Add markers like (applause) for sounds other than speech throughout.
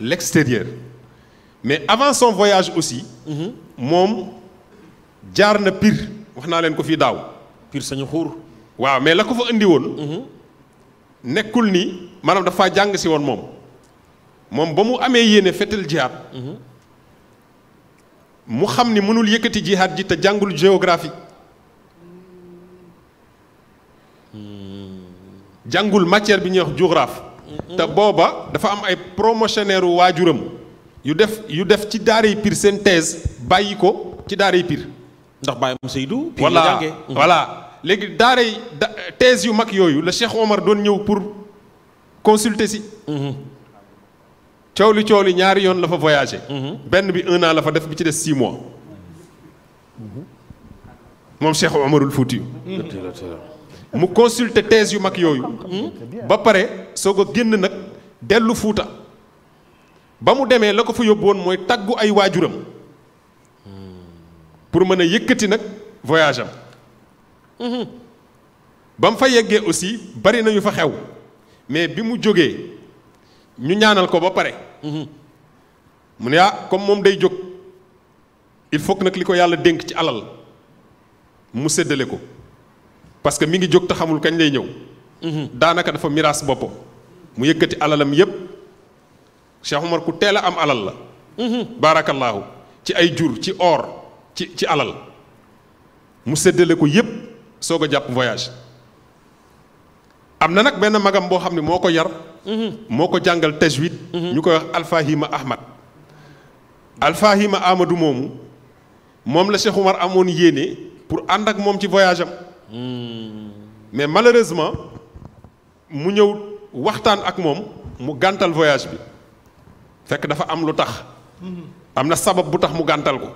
l'extérieur mais avant son voyage aussi mhm. moom jaar na Pire wax naa leen ko fii daaw Pire sañu xuur waaw mais la ko fa indi woon mhm. nekkul ni maanaam dafa jàng si woon moom moom ba mu amee yéene fetal jihaad mhm. mu xam ni mënul yëkkati jihaad ji te jàngul géographie hmm. jàngul matière bi ñuy wax géographie te booba dafa am ay promotionnaire waajuram yu def yu def ci daaray piir seen thèse bàyyi ko ci daaray piir ndax Baye Seydou. Pire la jàngee voilà mmh. léegi daaray da yu mag yooyu la Cheikh Omar doon ñëw pour consulter si. Mmh. coow li coow li ñaari yoon la fa voyagé. Mmh. benn bi un def bi ci des six Cheikh Omarul Fouti. mu consulter thèse yu mag yooyu hmm? ba pare soog a génn nag dellu fuuta ba mu demee la ko fa yóbbu woon mooy tàggu ay waajuram hmm. pour mën a yëkkati nag voyage am hmm. ba mu fa yeggee aussi bari nañu fa xew mais bi mu jógee ñu ñaanal ko ba pare mu ne ah comme moom day jóg il faut nag li ko yàlla dénk ci alal mu séddale ko parce que mi ngi jóg taxamul kañ lay ñëw. Mhm. daanaka dafa miraas boppam mu yëkkati alalam yépp Cheikh Omar ku teel a am alal la. Mhm. baarakallaahu ci ay jur ci or ci ci alal mu séddale ko yépp soog a jàpp voyage. am na nag benn magam boo xam ne moo ko yar. Mhm. moo ko jàngal tajwid. ñu koy wax Alfahima Ahmad. Alfahima Amadou moomu moom la Cheikh Omar amoon yéene pour ànd ak moom ci voyage am. mais malheureusement mu ñëw waxtaan ak moom mu gàntal voyage bi fekk dafa am lu tax am na sabab bu tax mu gàntal ko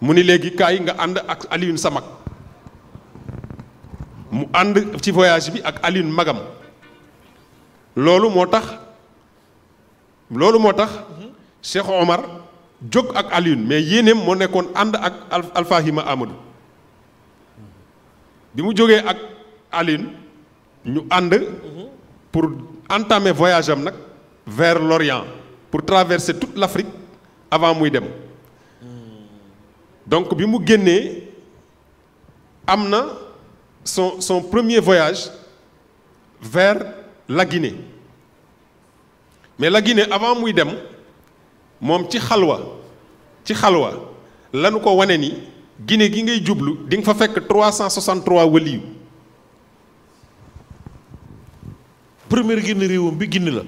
mu ni léegi kaay nga ànd ak Alioune sa mag mu ànd ci voyage bi ak Alioune magam loolu moo tax loolu moo tax Cheikh Omar jóg ak Alioune mais yéeneem moo nekkoon ànd ak Alfahima Amadou bi mu jógee ak Aline ñu ànd pour entamer voyage am nag vers l'Orient pour traverser toute l'Afrique avant muy dem donc bi mu génnee am na son son premier voyage vers la mais la avant muy dem moom ci xalwa ci xalwa lanu ko wane ni gine gi ngay jublu di nga fa fekk 363 waliyu première gine réewam bi Guinée la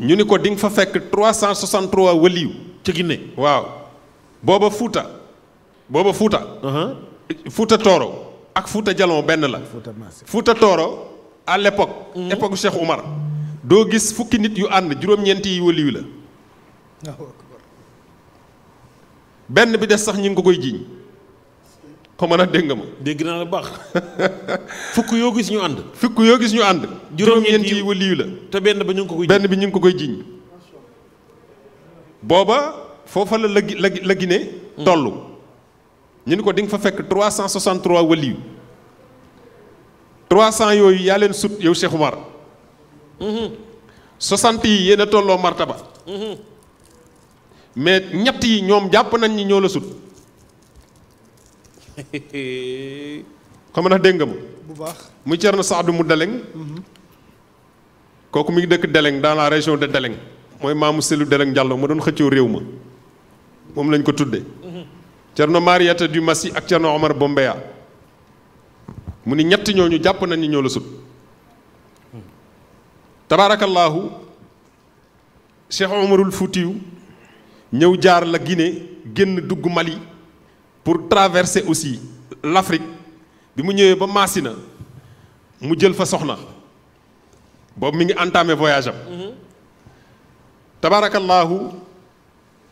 ñu ni ko di fa fekk 363 waliyu ca Guinée waaw booba Fuuta booba Fuuta Tooro ak Fuuta Jalon benn la Fuuta Tooro à l'époque mhm. époque Cheikh doo gis fukki nit yu ànd juróom-ñeenti yi waliyu la benn bi des sax ñu ngi ko koy jiiñ xaw ma nag dégg nga ma. dégg naa la baax (laughs) fukk yoo gis ñu ànd. fukk yoo gis ñu ànd. juróom-ñeent yi waliyu la. te benn bi ñu ngi ko koy benn bi ñu ngi ko koy jiñ. booba foofa la la la la mm. ñu ni ko di nga fa fekk cent 363 waliyu 300 yooyu yaa leen sut yow Cheikh Oumar. 60 mm-hmm. yi yéen a tolloo ba mm-hmm. mais ñett yi ñoom jàpp nañ ñi ñoo la sut. (laughs) xam nga dégg nga ma. bu baax muy Thierno Saadou mu Deleng. Mhm. kooku mi ngi dëkk Deleng dans la région de Deleng mooy maamu Selu Deleng Diallo ma doon xëccoo réew ma moom lañ ko tuddee. Mhm. Thierno Mariata du Massi ak Thierno Omar Bombeya mu ni ñett ñooñu jàpp nañ ni ñoo la sut tabaarakallaahu Cheikh Omarul Fuutiyu ñëw jaar la Guinée génn dugg Mali. pour traverser aussi l'Afrique bi mu ñëwee ba Massina mu jël fa soxna boobu mi ngi entamé voyage am mhm. tabaarakallaahu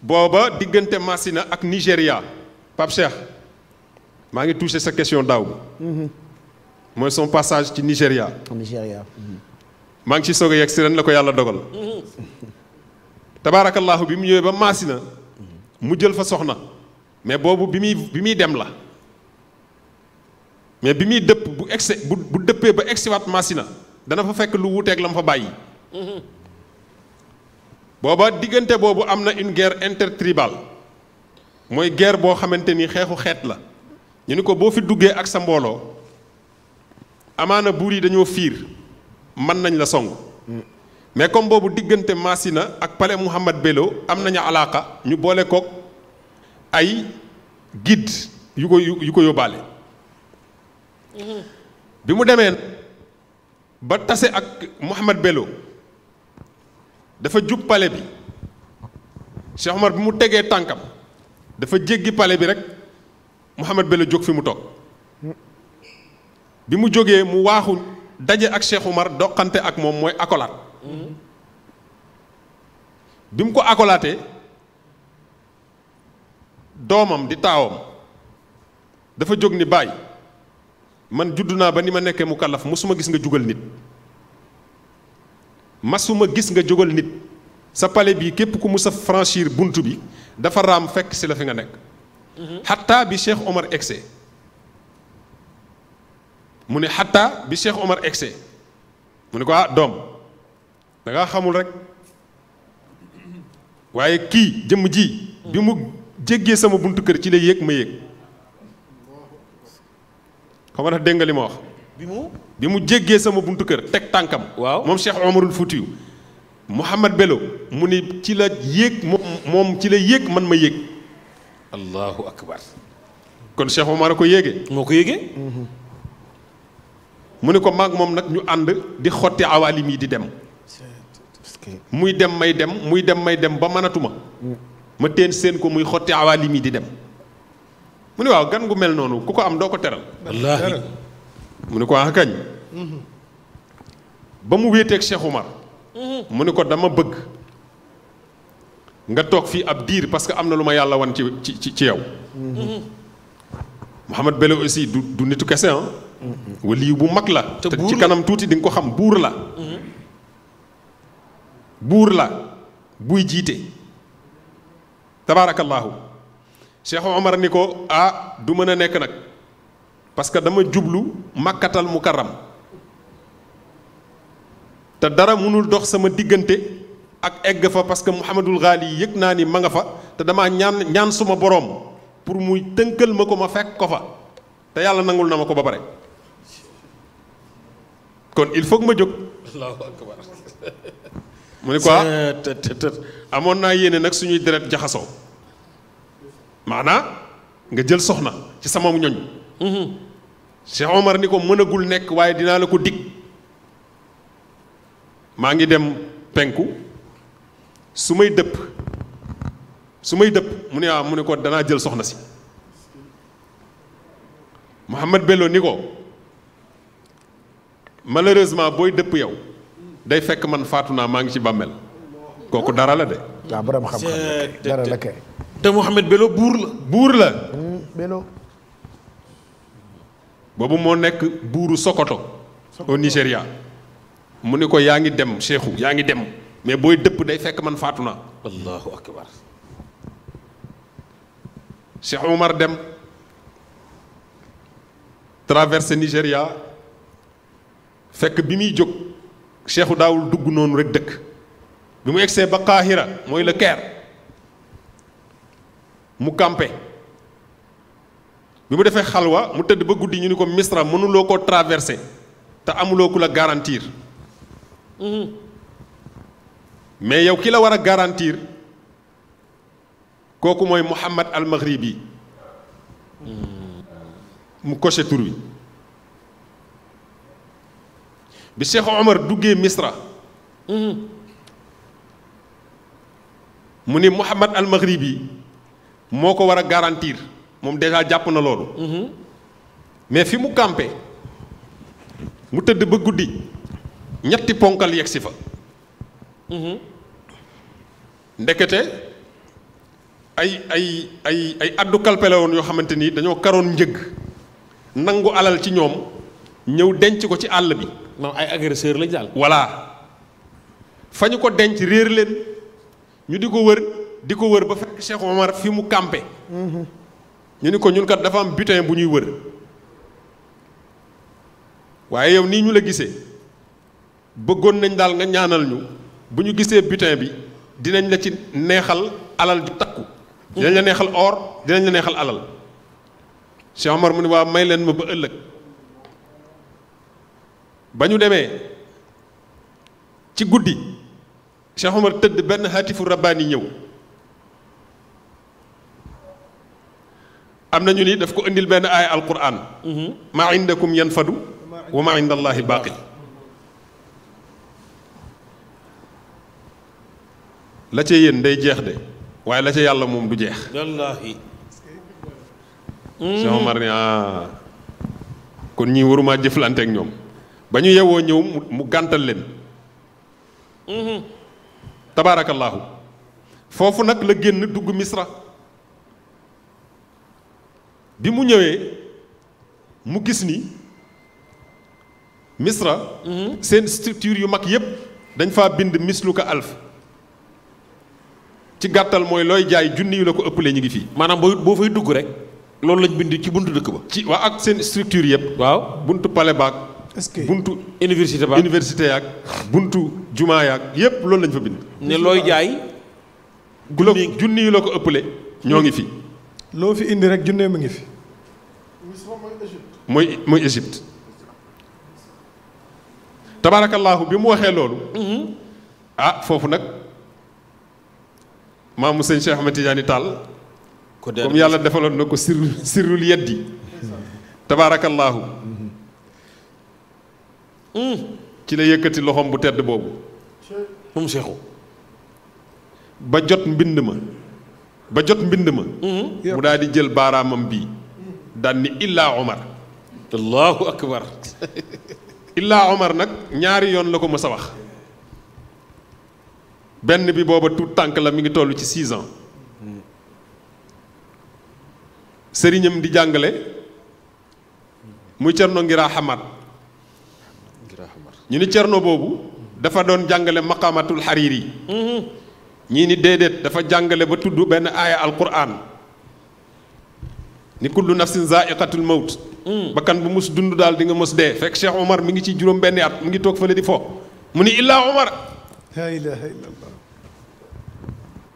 booba diggante Massina ak Nigéria Pape maa ngi touché sa question daaw mhm. mooy son passage ci Nigéria Nigéria mhm. maa ngi ci soog a yegg si ren la ko yàlla dogal tabaarakallaahu bi mu ñëwee ba Massina mu jël fa soxna mais boobu bi muy bi muy dem la mais bi muy dëpp bu egsi bu dëppee ba egsiwaat Masina dana fa fekk lu wuuteeg la mu fa bàyyi. booba diggante boobu am na une guerre intertribale mooy guerre boo xamante ni xeexu xeet la ñu ni ko boo fi duggee ak sa mbooloo amaana buur yi dañoo fiir mën nañ la song. mais comme boobu diggante Masina ak palais Mouhamad Bello am nañu alaaka ñu boole kook ay guide yu ko yu ko yóbbaale mhm. bi mu demee ba tase ak Mouhamed Bello dafa jub pale bi Cheikh bi mu tegee tànkam dafa jéggi pale bi rek Mouhamed Bello jóg fi mu toog bi mu jógee mu waaxu daje ak Cheikh Omar ak moom mooy akolaat mhm. bi mu ko akolaatee doomam di taawam dafa jóg ni baay man judd naa ba ni ma nekkee mu kàllaf masuma gis nga jugal nit masuma gis nga jógal nit sa pale bii képp ku mus a franchir bunt bi dafa raam fekk si la fi nga nekk xatta mhm. bi Cheikh Omar egsee mu ne xatta bi Cheikh Omar egsee mu ne ko ah doom dangaa xamul rek waaye kii jëmm ji bi mu jéggee sama buntu kër ci lay yëg ma yëg xam nga ndax li ma wax. bi mu bi mu jéggee sama buntu kër teg tànkam. waaw moom Cheikh Omarul Fuutiyu Mouhamad Bello mu ni ci la yéeg moom moom ci la yéeg man ma yéeg. allahu akbar. kon Cheikh Omar a ko yéegee. moo ko yéegee. Mm-hmm. mu ne ko maag moom nag ñu ànd di xotti awaalim yi di dem. muy dem may dem muy dem may dem ba mënatuma. ma teen seen ko muy xotti awaalim yi di dem mu ne waaw gan gu mel noonu ku ko am doo ko teral mu ne ko ah kañ ba mu wéeteeg Cheikh Umar mu ne ko dama bëgg nga toog fii ab diir parce que am na lu ma yàlla wan ci ci ci yow Mouhamed Bello aussi du du nitu kese ah. bu mag la te ci kanam tuuti di nga ko xam buur la buur la buy jiite tabaarakallaahu Cheikh Omar ni ko ah du mën a nekk nag parce que dama jublu makkatal mukarram te dara mënul dox sama diggante ak egg fa parce que Mouhamadul Ghali yëg naa ni ma nga fa te damaa ñaan ñaan suma boroom pour muy tënkal ma ko ma fekk ko fa te yàlla nangul na ma ko ba pare kon il faut ma jóg (laughs) mu ne quoi euh, amoon naa yéene nag suñuy deret jaxasoo maanaa nga jël soxna ci sama ñoñ mm-hmm. Cheikh Omar ni ko mënagul nekk waaye dinaa la ko dig maa ngi dem penku su may dëpp su may dëpp mu ne waaw ah, mu ne ko danaa jël soxna si Mouhamed Bello ni ko malheureusement booy dëpp yow day fekk man faatu naa maa ngi ci bàmmeel kooku dara la de. xam-xam te Mouhamed Bello buur la. buur la. Hmm, Bello. boobu moo nekk buuru Sokoto. au Nigéria. mu ni ko yaa ngi dem Cheikhou yaa ngi dem mais booy dëpp day fekk man faatu naa. allahu akbar. dem traversé Nigéria fekk bi muy jóg. cheikhu daawul dugg noonu rek dëkk bi mu egsee ba Qahira mooy le Caire mu campé bi mu defee xalwa mu tëdd ba guddi ñu ni ko Misra mënuloo koo traversé te amuloo ku la garantir mhm. mais yow ki la war a garantir kooku mooy Muhammad al Maghribi yi mhm. mu coché tur bi bi Cheikh Omar duggee Misra mm-hmm. mu ni Mouhamad al Maghribi moo ko war a garantir moom déjà jàpp na loolu mm-hmm. mais fi mu campé mu tëdd ba guddi ñetti ponkal yegg si fa mm-hmm. ndekete ay ay ay ay addu kalpele woon yoo xamante ni dañoo karoon njëg nangu alal ci ñoom ñëw denc ko ci àll bi moom ay agresseur lañ daal. voilà fa ñu ko denc réer leen ñu di ko wër di ko wër ba fa Cheikh Omar fi mu campé. ñu ni ko ñun dafa am butin bu ñuy wër waaye yow nii ñu la gisee bëggoon nañ daal nga ñaanal ñu bu ñu gisee butin bi dinañ la ci neexal alal ju takku. dinañ la neexal or dinañ la neexal alal Cheikh Omar mu ne waa may leen ma ba ëllëg. ba ñu demee ci guddi Cheikh tëdd benn xaatifu rabbaani ñëw am na ñu ni daf ko indil benn aaya alquran mhm. maa indakum yanfadu wa maa inda day jeex waaye la ci yàlla moom du jeex wallaahi Cheikh ni ah kon ñii waruma jëflante ak ñoom ba ñu yewoo ñëw mu gàntal leen mm-hmm. tabaarakallaahu foofu nag la génn dugg misra bi mu ñëwee mu gis ni misra mm-hmm. seen structure yu mag yépp dañ faa bind misluka alf ci gàttal mooy looy jaay junni yu la ko ëpp ëppalee ñu ngi fii maanaam boo boo fay dugg rek loolu lañ bind ci buntu dëkk ba ci waa ak seen structure yépp waaw buntu pale baag est-ce que buntu université ba université yaag buntu jumaa yaag yépp loolu lañ fa bind. ne looy jaay. ku la junni yi la ko ëppale ñoo ngi fi. loo fi indi rek junnee mu ngi fi. mooy mooy Égypte. tabaarakallaahu bi mu waxee loolu. Mm-hmm. ah foofu nag maamu sëñ Cheikh Ahmed Tidiane yàlla defaloon na ko sirru yeddi. tabaarakallaahu. Hmm. ci la yëkkati loxoom bu tedd boobu moom seexu ba jot mbind ma ba jot mbind ma hmm. mu daal jël baaraamam bii daan ni illaa omar allahu akbar (laughs) illaa omar nag ñaari yoon la ko mës a benn bi booba tout tànk la mi ngi toll ci six ans sëriñam di jàngale muy cerno ngira xamaat ñu ni cerno boobu dafa doon jàngale maqaamatul xariiri yi mm-hmm. ñii ni déedéet dafa jàngale ba tudd benn aaya alquran ni kullu nafsin zaiqatul mawt mm. bakkan bu mus dund daal di nga mos dee fekk Cheikh Omar mi ngi ci juróom benni at mu ngi toog fële di fo mu ni illaa Omar laa ilaha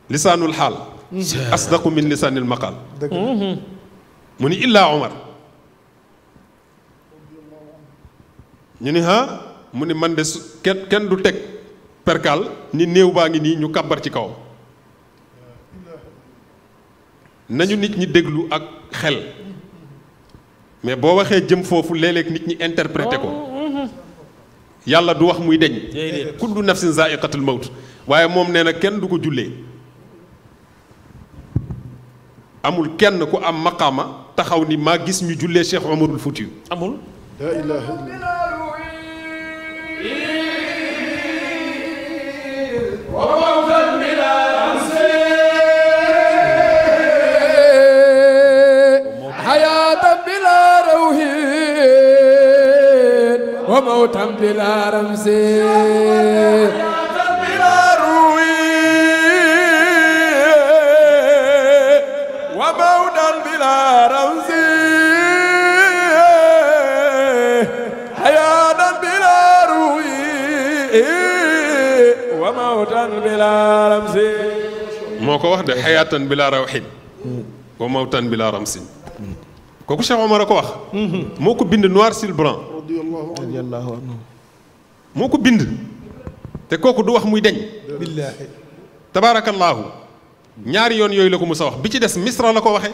lisaanul xaal mm-hmm. asdaqu min lisaanil maqaal mm-hmm. mu ni illaa Omar ñu ni ha mu ne man de su kenn kenn du teg perkaal ni néew baa ngi nii ñu kàbbar ci kaw nañu nit ñi déglu ak xel mais boo waxee jëm foofu léeg nit ñi interprété ko yàlla du wax muy deñ kullu nafsin zaiqatul mawt waaye moom nee na kenn du ko jullee amul kenn ku am maqaama taxaw ni maa gis ñu jullee Cheikh Omarul Fuutiyu amul وموتا بلا رمز بلا روي وموتا بلا رمز wa moo ko wax de xayaatan bila rawxin wa mawtan bila ramsin kooku Cheikh Omar ko wax moo ko bind noir sur moo ko bind te kooku du wax muy deñ billaahi tabaarakallaahu ñaari yoon yooyu la ko musa wax bi ci des misra la ko waxe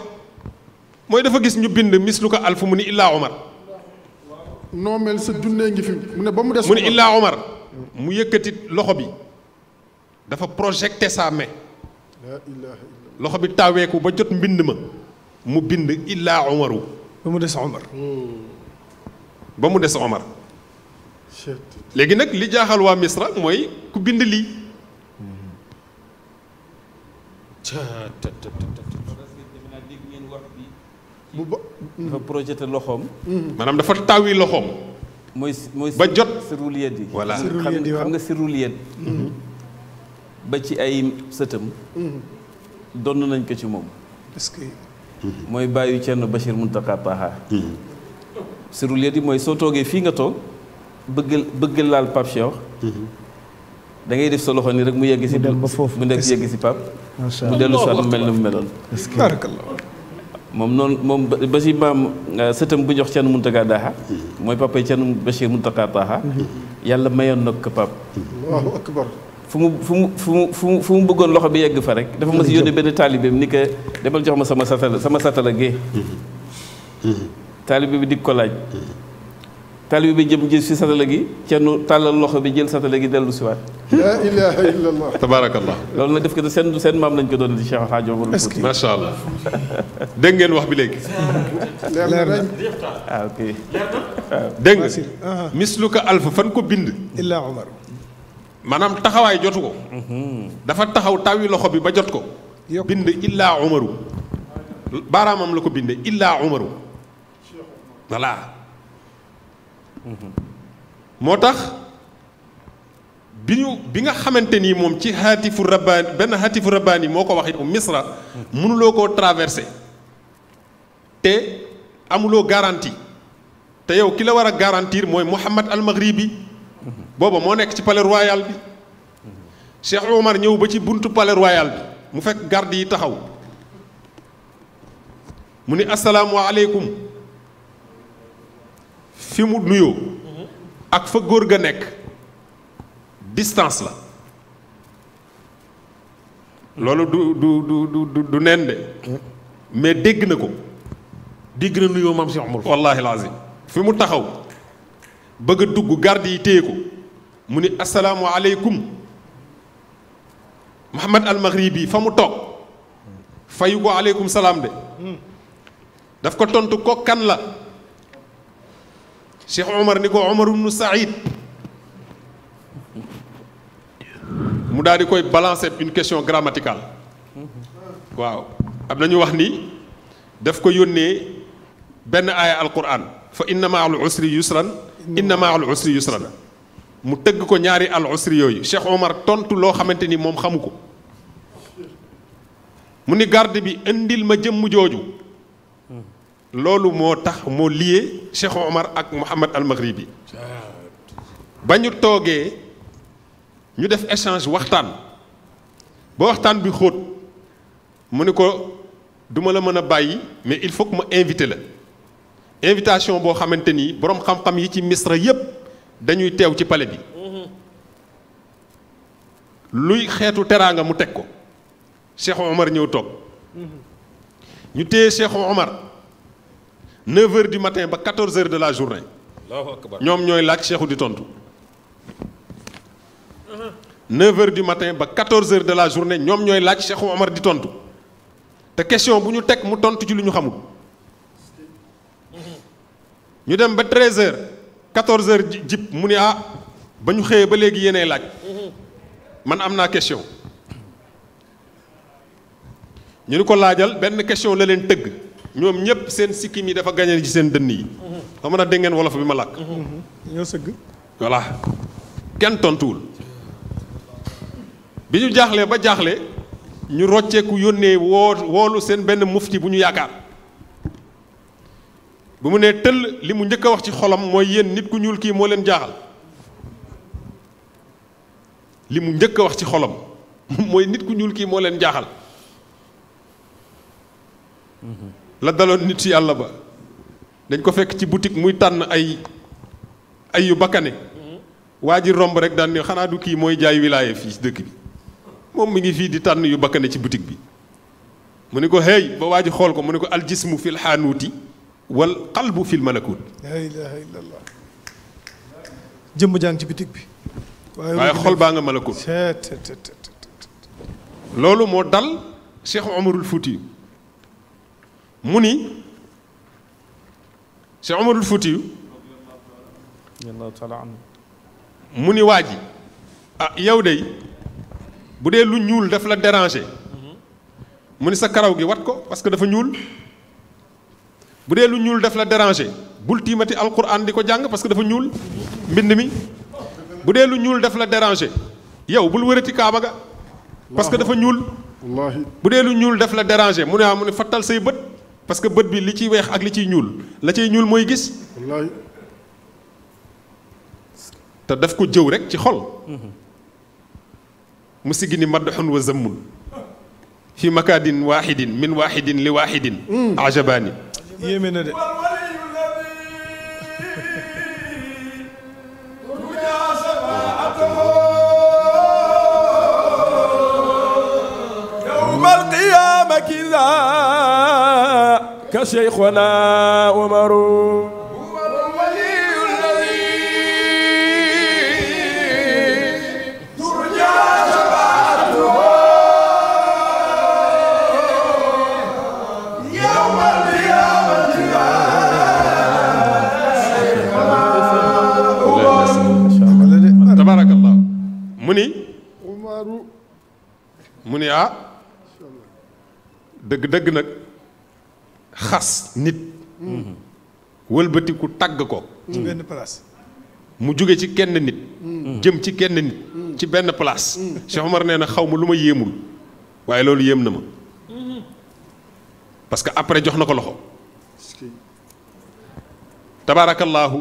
mooy dafa gis ñu bind mislu ko alfu mu ni illaa omar noo sa junnee ngi fi mu ne ba mu des mu ni illaa omar mu yëkkati loxo bi dafa projeté sa loxo bi taaweeku ba jot mbind ma mu bind illaa Umaru ba mu des Omar hmm. ba mu des Omar léegi nag li jaaxal waa Misra mooy ku bind lii dafa projeté loxoom hmm. maanaam dafa taawi loxoom mooy mooy ba jot sirul yet voilà xam nga sirul yet mm-hmm. ba ci ay sëtam mm-hmm. donn nañ ko ci moom parce que mm-hmm. mooy bàyyu Cerno Bachir Muntaka Taha sirul yet mooy soo toogee fii nga toog bëgg bëgg laal Pape Cheikh da def sa loxo ni rek mu yegg si mu nekk yegg si Pape mu dellu soit mel na mu meloon moom noonu moom ba si maam euh, sëtam bu jox Thierno Mountaga Daha hmm. mooy papa Thierno Bachir Mountaga Daha hmm. yàlla mayoon na ko pap Allahu fu mu fu mu fu mu fu mu fu mu bëggoon loxo bi yegg fa rek dafa ma si hmm. yónnee benn taalibeem ni que demal jox ma sama satala sama satala gee taalibe bi di ko laaj tali bi jëm jël si satala gi cenn tàllal loxo bi jël satala gi dellu siwaat la ilaha illallah tabarakallah loolu nag def ko seen seen maam lañ ko doon di Cheikh El Hadj Omar Fouti macha allah dégg wax bi léegi leer na ah, ok waaw nga ah. misluka alfa fan ko bind illa omar maanaam taxawaay jotu ko dafa taxaw tawi loxo bi ba jot ko bind illa omaru baaraamam la ko binde illa omaru voilà moo tax bi ñu bi nga xamante ni moom ci haatifu rabbaani benn haatifu rabbaani moo ko wax yow misra mënuloo koo traversé te amuloo garanti te yow ki la war a garantir mooy Mouhamad al Maghribi booba moo nekk ci palais royal bi Cheikh Omar ñëw ba ci buntu palais royal bi mu fekk garde yi taxaw mu ni asalaamualeykum fi mu nuyoo ak fa góor ga nekk distance la loolu du du du du neen de mais dégg na ko dégg na nuyoo maam si amul wallaahi laazim fi mu taxaw bëgg dugg garde yi téye ko mu ni asalaamu aleykum Mouhamad al Maghribi fa mu toog fayu ko aleykum salaam de hmm. daf ko tontu ko kan la Cheikh Omar ni ko Omar ibnu Saïd mu daal koy balancer une question grammaticale waaw am na ñu wax ni daf ko yónnee benn aaya alquran fa inna ma al usri yusran inna ma al yusran mu tëgg ko ñaari al usri yooyu Cheikh Omar tontu loo xamante ni moom xamu ko mu ni garde bi indil ma jëmm jooju loolu moo tax moo lié Cheikh Omar ak Mouhamad al Maghribi ba ñu toogee ñu def échange waxtaan ba waxtaan bi xóot mu ni ko duma la mën a bàyyi mais il faut ma invité la invitation boo xamante ni boroom xam-xam yi ci misra yépp dañuy teew ci pale bi luy xeetu teraanga mu teg ko Cheikh Omar ñëw toog ñu téye Cheikh Omar. 9 heures du matin ba 14 heures de la journée. ñoom ñooy laaj seexu di tontu. 9 heures du matin ba 14 heures de la journée ñoom ñooy laaj Cheikhou Omar di tontu te question bu ñu teg mu tontu ci lu ñu xamul. ñu dem ba 13 heures 14 heures jib mu ni ah ba ñu xëyee ba léegi yéenay laaj man am naa question. ñu ni ko laajal benn question la leen tëgg. ñoom ñëpp seen sikkim yi dafa gañe ci seen dënn yi. xam nga dégg ngeen wolof bi ma làkk. ñoo sëgg. voilà kenn tontuwul bi ñu jaaxlee ba jaaxle ñu rocceeku yónnee woo woolu seen benn mufti bu ñu yaakaar bu mu nee tëll li mu njëkk a wax ci xolam mooy yéen nit ku ñuul kii moo leen jaaxal li njëkk a wax ci xolam (laughs) mooy nit ku ñuul kii moo leen jaaxal. la daloon nit yàlla ba dañ ko fekk ci boutique muy tànn ay ay yu bakkane waa ji romb rek daan ne xanaa du kii mooy jaay wilaaye fii ci dëkk bi moom mi ngi fii di tànn yu bakkane ci boutique bi mu ne ko hey ba waa ji xool ko mu ne ko aljismu fil xaanuuti wal qalbu fil malakut la jëmm jàng ci boutique bi waaye baa nga malakut loolu moo dal Cheikh Omarul Fouti mu ni Cheikh Umarul Fuutiyu mu ni waa ji a ah, yow de bu dee lu ñuul def la déranger mu ni sa karaw gi wat ko parce que dafa ñuul bu dee lu ñuul def la déranger bul tiimati alquran di ko jàng parce que dafa ñuul mbind mi bu dee lu ñuul daf la déranger yow bul wërati kaaba ga parce que dafa ñuul bu dee lu ñuul def la déranger mu ne ah mu ne fattal say bët parce que bët bi li ciy weex ak li ciy ñuul la ciy ñuul mooy gis. wallaay te daf ko jëw rek ci xol. Mhm. mu siggi ni madxun wa zammun fi makaadin waaxidin min waaxidin li waaxidin. Mm. ajabaani. yéeme na de. القيامة كذا كشيخنا عمر هو الولي الذي ترجى شفاعته يوم القيامة شيخنا تبارك الله مني عمر مني اه دق دق نك xas nit wëlbatiku tàgg ko ci benn place mu jóge ci kenn nit jëm ci kenn nit ci benn place Cheikh Omar nee xaw ma lu ma yéemul waaye loolu yéem na ma parce que après jox na ko loxo tabaarakallaahu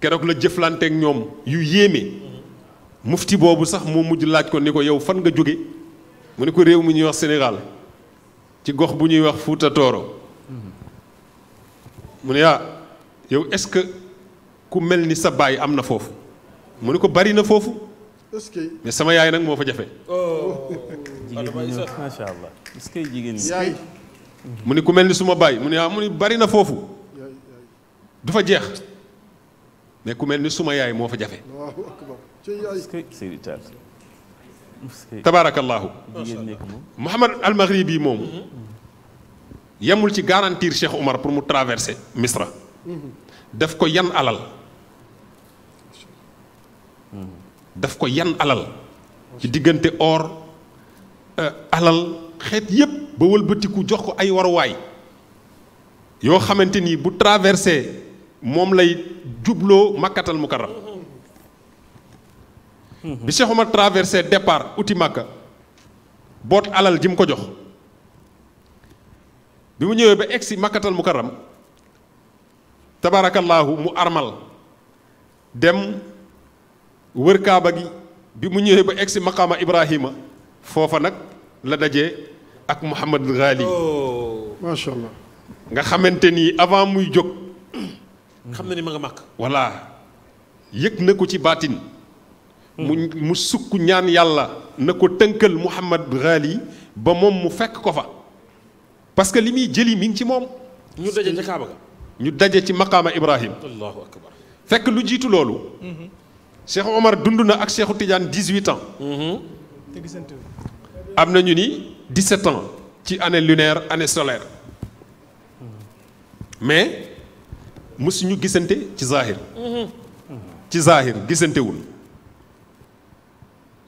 keroog la jëflanteek ñoom yu yéeme mufti boobu sax moo mujj laaj ko ni ko yow fan nga jóge mu ne ko réew mi ñuy wax Sénégal ci gox bu ñuy wax Fuuta Tooro mu ne ah yow est-ce que ku mel ni sa baay am na foofu mu ne ko bari na foofu mais sama yaay nag moo fa jafe oh. macha allah est-ce que jigéen mu ne ku mel ni suma baay mu ne ah, mu bari na foofu du fa jeex mais ku mel ni suma yaay moo fa jafe tabaarakallaahu Mouhamad al-Maghribi moomu yemul ci garantir Cheikh Omar pour mu traverser Misra daf ko yan alal daf ko yan alal ci diggante or euh, alal xeet yépp ba wëlbatiku jox ko ay waruwaay yoo xamante ni bu traversé moom lay jubloo makkatal mukarram bi Cheikh Omar traversé départ uti Màkka boot alal ji mu ko jox bi mu ñëwee ba egsi Makkatal Mukarram tabaarakallaahu mu armal dem wër kaaba gi bi mu ñëwee ba egsi maqaama Ibrahima foofa nag la dajee ak Mouhamadul Ghali oh. macha nga xamante ni avant muy jóg. xam na ni ma nga màkk. voilà yëg na ko ci baatin. mu mu sukk ñaan yàlla na ko tënkal Mouhamad Ghali ba moom mu fekk ko fa parce que li muy jëli mi ci moom. ñu daje ci ga. ñu daje ci maqaama Ibrahim. allahu akbar fekk lu jiitu loolu. Cheikh Omar dund na ak Cheikhu Tidiane 18 ans. Mm-hmm. am na ñu ni 17 ans ci année lunaire année solaire mm-hmm. mais ñu gisante ci Zahir. Mm-hmm. ci Zahir gisantewul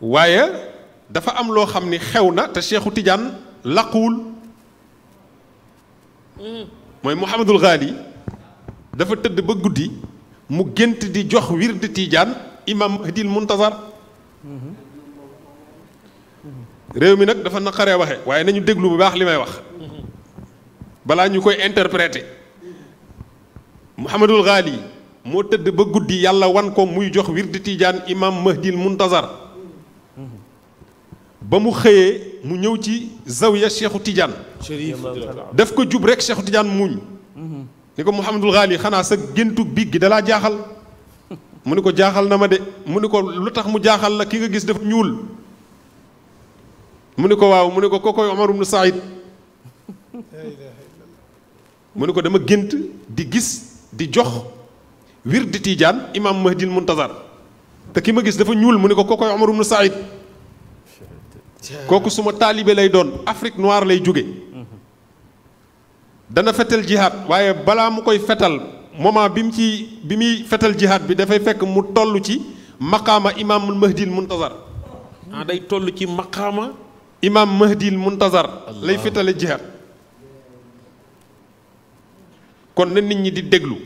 waaye dafa am loo xam ni xew na te Seexu Tijaan làquwul mooy Muhammadul Ghali dafa tëdd ba guddi mu gént di jox wirdi Tijaan imam Mahdil Muntazar réew mi nag dafa naqaree waxe waaye nañu déglu bu baax li may wax balaa ñu koy interpréter Muhammadul Ghali moo tëdd ba guddi yàlla wan ko muy jox wirdi Tijaan imam Mahdil Muntazar ba mu xëyee mu ñëw ci zawiya Cheikhu Tidiane daf ko jub rek Cheikhu Tidiane muñ ni ko Mouhamadul Ghali xanaa sa géntu biig gi dalaa jaaxal mu ne ko jaaxal na ma de mu ne ko lu tax mu jaaxal la ki nga gis dafa ñuul mu ne ko waaw mu ne ko kokoy Omar ibn Saïd mu ne ko dama gént di gis di jox wir di Tidiane imam Mahdil Muntazar te ki ma gis dafa ñuul mu ne ko kookoy Omar ibn Saïd kooku suma taalibe lay doon Afrique noire lay jóge dana fetal jihad waaye balaa mu koy fetal moment bi mu ci bi muy fetal jihad bi dafay fekk mu tollu ci maqaama imaamul mahdil muntazar ah day toll ci maqaama imaam mahdil muntazar lay fetale jihad kon na nit ñi di déglu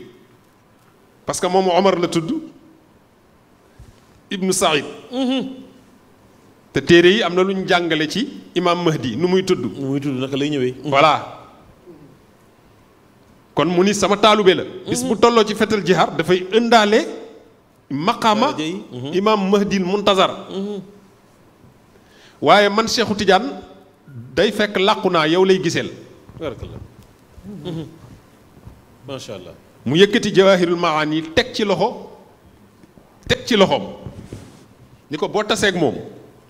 parce que moom Omar la tudd ibnu Saïd mhm. te téere yi am na lu ñu jàngale ci imaam Mahdi nu muy tudd. nu naka lay ñëwee. Mhm. voilà kon mu ni sama taalube la. Mhm. bis bu tolloo ci fetal jihaar dafay ëndaale. maqaama imaam Mahdi muntazar waaye man Seexu Tijaan day fekk làqu naa yow lay giseel. macha mu yëkkati jawaahirul yi teg ci loxo teg ci loxoom. ni ko boo taseeg moom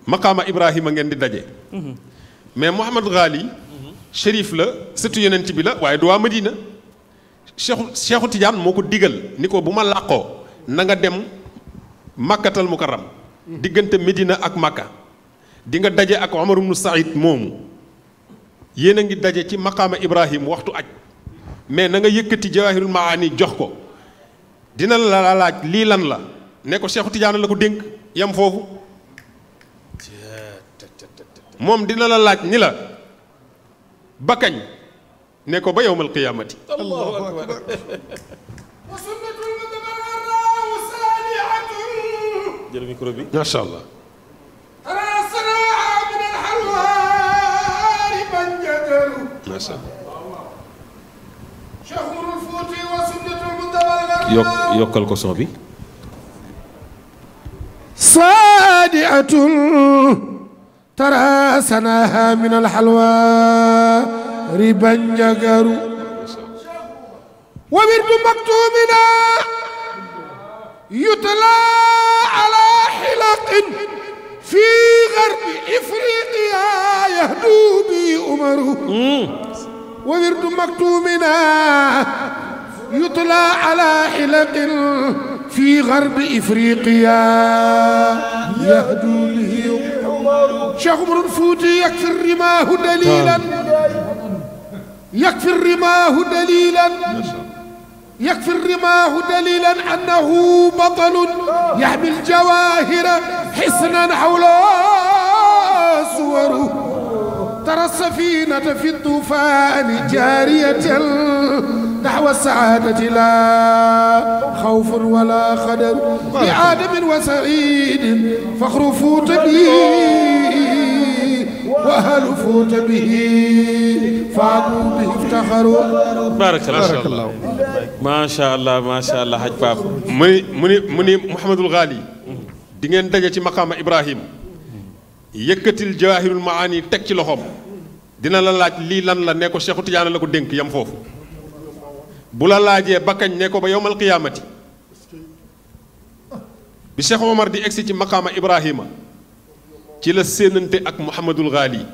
maqaama Ibrahima ngeen di daje. mais Mouhamad Ghali. shérif la sëtu yonent bi la waaye du waa Madina. Cheikh Cheikhu Tidiane moo ko digal ni ko bu ma làqoo na nga dem màkkatal mukaram diggante Medina ak Makka di nga daje ak Omar ibnu moomu yéen a ngi daje ci maqaama Ibrahim waxtu aj mais na nga yëkkati jawaahirul maani jox ko dina la laaj lii lan la ne ko Cheikhu Tidiane la ko dénk. yam foofu moom dina la laaj ni la ba kañ ne ko ba yowmal qiyaamati allahu akbar jël micro bi macha allah macha allah yokk yokkal ko son bi صادعة ترى سناها من الحلوى ربا جقر وورد مكتومنا يتلى على حلق في غرب إفريقيا يهدو به أمر وورد مكتومنا يطلى على حلق في غرب إفريقيا يهدو به شيخ عمر الفوتي يكفي الرماه دليلا يكفي الرماه دليلا يكفي الرماه دليلا أنه بطل يحمي الجواهر حصنا حوله صوره ترى السفينة في الطوفان جارية نحو السعادة لا خوف ولا خدر بعادم وسعيد فخر فوت به وأهل فوت به فعلوا به افتخروا بارك الله, بارك الله. ما شاء الله ما شاء الله حج باب مني مني مني محمد الغالي di ngeen daje ci maqaama Ibrahim yëkkatil jawaahirul maani teg ci loxoom dina la laaj lii lan la ne ko Cheikhu Tidiane la ko dénk yam foofu bu la laajee bakkañ ne ko ba yowmal qiyaamati bi Cheikh Omar di egsi ci maqaama Ibrahima ci la séenante ak Mouhamadul Ghali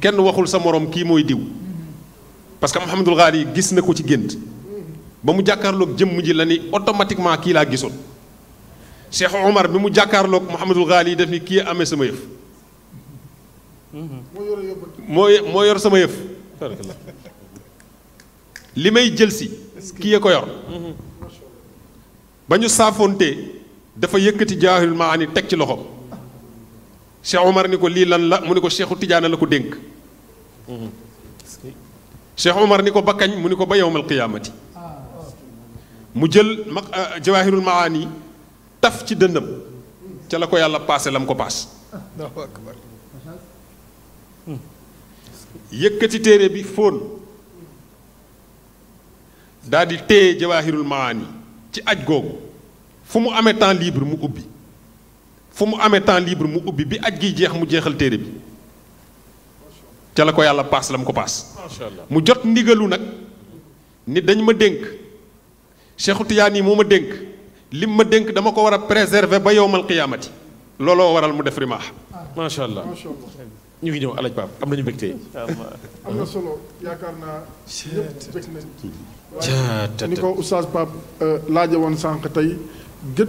kenn waxul sa moroom kii mooy diw parce que Mouhamadul Ghali gis na ko ci gént ba mu jàkkaarloog jëmm ji la ni automatiquement kii laa gisoon Cheikh Omar bi mu jàkkaarlook Mouhamadul Ghali def ni kii amee sama yëf moo yor sama yëf li may jëlsi kii yee ko yor ba ñu saafoonte dafa yëkkati jaahirul maani teg ci loxo Cheikh Omar ni ko lii lan la mu ne ko Cheikhu Tidiane la ko dénk Cheikh Omar ni ko ba kañ mu ni ko ba yowmal qiyaamati mu jël ma euh, jawaahirul maani taf ci dëndam ca la ko yàlla paase lam ko paas yëkkati téere bi fóon daal di téye jawaahirul maani ci aj googu fu mu amee temps libre mu ubbi fu mu amee temps libre mu ubbi bi aj giy jeex mu jeexal téere bi ca la ko yàlla paas la mu ko paas mu jot ndigalu nag ni dañ ma dénk Seexu Tijaan yi moo ma dénk lim ma dénk dama ko war a préserver ba yowmal qiyaamati looloo waral mu def rimaax macha allah ñu ngi ñëw am nañu mbégte am na solo yaakaar naa ñëpp bég ni ko oustaz Pape euh, laaje woon sànq tey gët